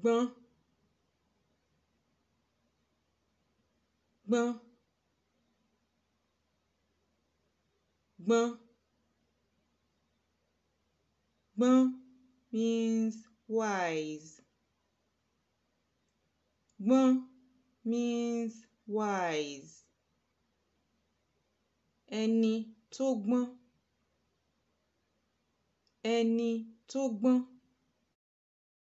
gbọ́n gbọ́n gbọ́n gbọ́n means wise gbọ́n means wise ẹni tó gbọ́n ẹni tó gbọ́n